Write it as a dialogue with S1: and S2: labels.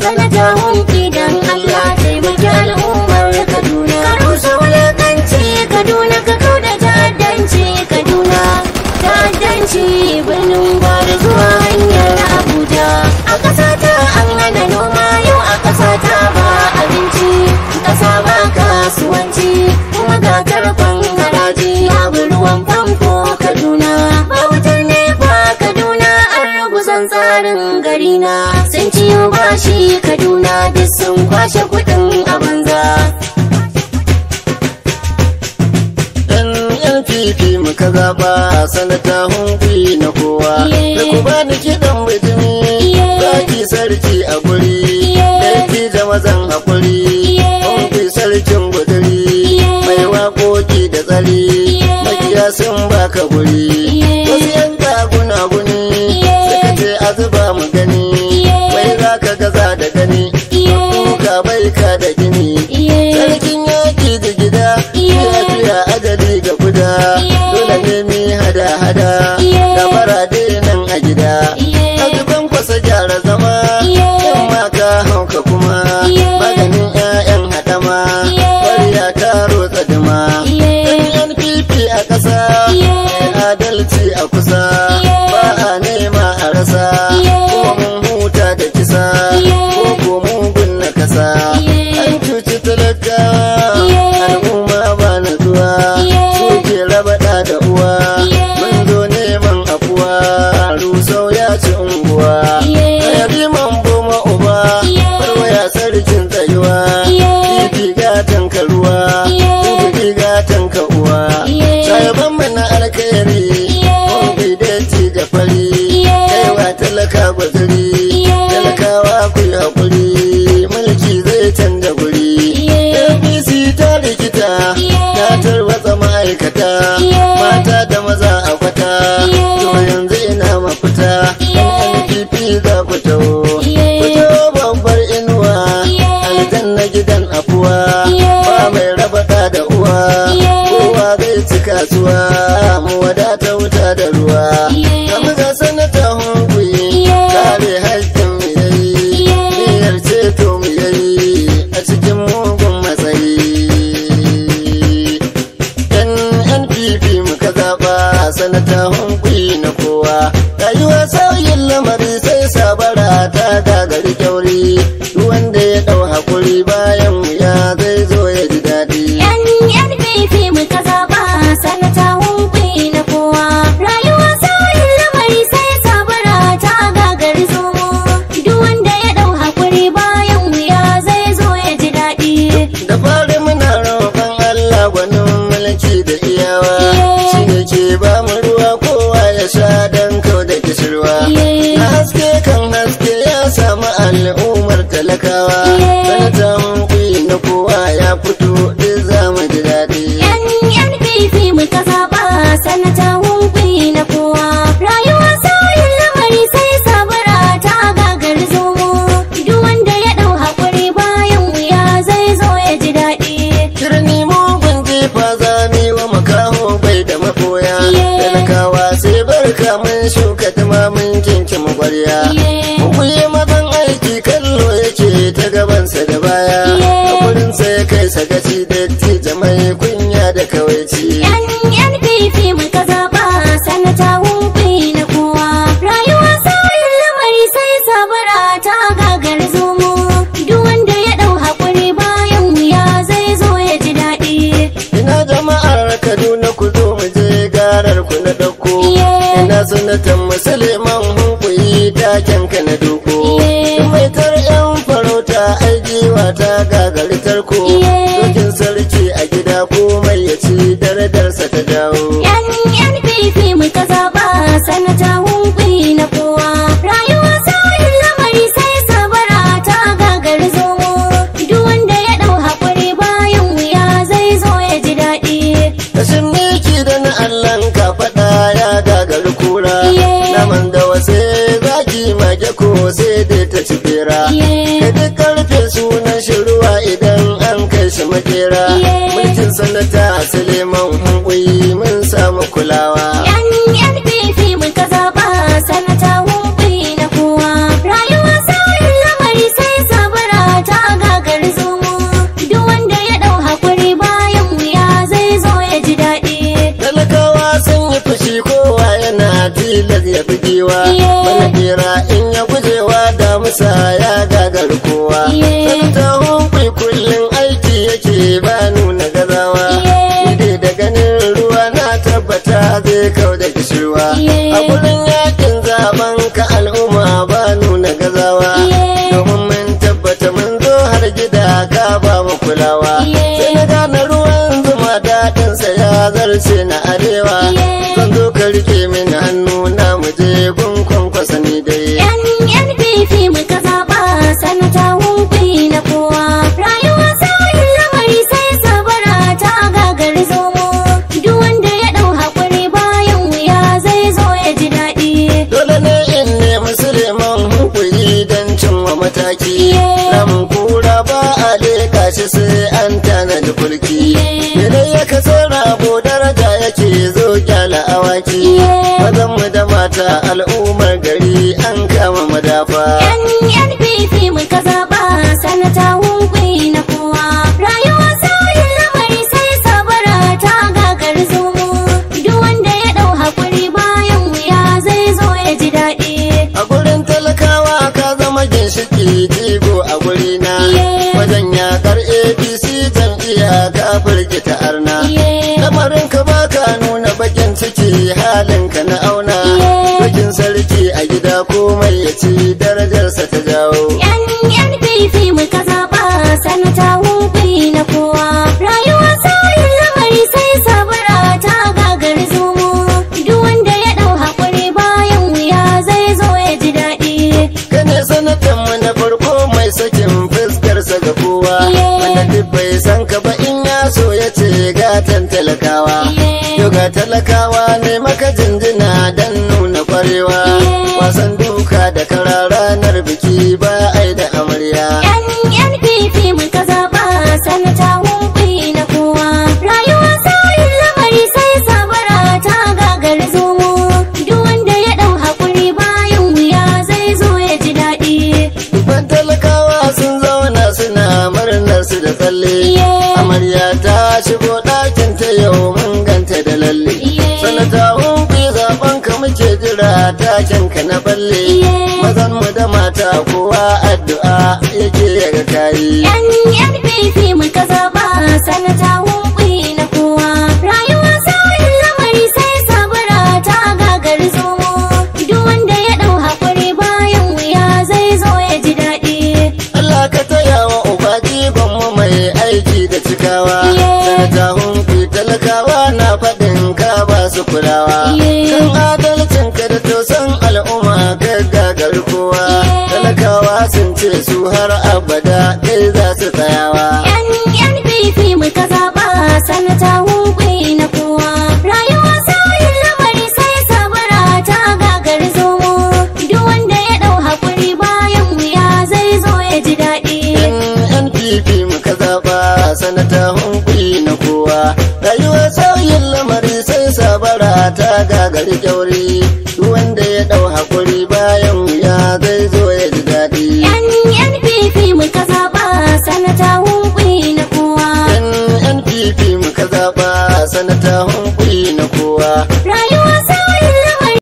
S1: sanata hunki dan Allah taimaki al'ummar Kaduna ka rusa wulakanci Kaduna ka kauda ta'addanci Kaduna ta'addanci
S2: birnin gwari zuwa hanyar Abuja a ƙasata ta an hana noma yau a ƙasa ba abinci ƙasa ba kasuwanci kuma ga tarkon haraji babu ruwan famfo Kaduna ba
S1: wutar nefa Kaduna an rugusan tsarin garina. ciyo bashi
S2: kaduna duk sun kwashe kudin a banza ɗan yan fifi muka zaba sanata hunfi na kowa da ku ni kiɗan bijimi baki sarki a guri laifi da mazan hakuri hunfi sarkin guduri mai waƙoƙi da tsari makiya sun baka guri wasu adalci a kusa talaka bazari talakawa ku haƙuri, mulki zai canza guri apc ta rikita ta tarwatsa ma'aikata mata da maza a kwata to yanzu ina mafita npp za ku taho ku taho babbar inuwa aljanna gidan afuwa ba mai raba da uwa kowa zai ci kasuwa mu wadata wuta da ruwa talakawa sanata mun na kowa ya fito duk za mu ji daɗi yan yan fifi mu ka zaɓa sanata mun na kowa
S1: rayuwa sauyin lamari sai sabara ta gagar mu. duk
S2: wanda ya ɗau haƙuri bayan wuya zai zo ya ji daɗi turni mugun jefa zami wa makaho bai da makoya talakawa sai barka mun shuka sagaci datti jamai kunya da kawaici yan yan fifi mun ka zaba sanata
S1: wumfi na kowa rayuwa saurin lamari sai sabara ta gagar
S2: zomo duk wanda ya dau hakuri bayan ya zai zo ya ji daɗi ina jama'ar kaduna ku zo mu je garar ku na dauko? ina sanatan musulman hun ku yi taken ka na doko mai tar yan farauta aiki wata su makera mulkin sanata suleiman hunkuyi mun samu kulawa yani mdp mun ka zaba sanata hunkuyi na kowa rayuwa saurin lamari
S1: sai sabara ta gagar zumu duk wanda ya dau hakuri bayan
S2: wuya zai zo ya ji daɗi talakawa sun yi fushi kowa yana tilas ya fi giwa wani in ya gujewa damisa. kau da kishirwa a gurin yakin zaben ka al'umma ba nuna gazawa domin mun tabbata mun zo har gida ka ba mu kulawa sai na gane ruwan zuma daɗinsa ya zarce na Namun kura ba a leka shi sai an tanadi kulki. Idan ya kaso rabo daraja yake zo kyala awaki. Mazan mu da mata al'ummar gari an kama madafa. Yan yan fifi mun kaza komai ya ci darajarsa ta jawo. Yan
S1: yan fi mu ka zaɓa sanata wumfi na kowa. Rayuwa
S2: sauyin lamari sai sabara ta gagari zumu. Duk wanda ya ɗau haƙuri bayan wuya zai zo ya ji daɗi. Kane sanatan mu na farko mai sakin fuskarsa ga kowa. Wanda duk bai san ka ba in ya so ya ce gatan talakawa. Yoga talakawa ne makajin da tsalle amarya ta shigo ɗakin ta yau manganta da lalle sanata hunfi zaben ka muke jira takin ka na balle mazan mu da mata kowa addu'a yake yaga kayi masu kulawa kan adalcin ka da tausan al'umma gaggagar kowa talakawa sun ce su har abada dai za su tsayawa
S1: yan yan bifi muka zaba sanata hunkwai na kowa rayuwa sauyin lamari sai sabara ta
S2: gagar zomo duk wanda ya ɗau hakuri bayan wuya zai zo ya ji daɗi yan yan bifi muka zaba sanata hunkwai kar da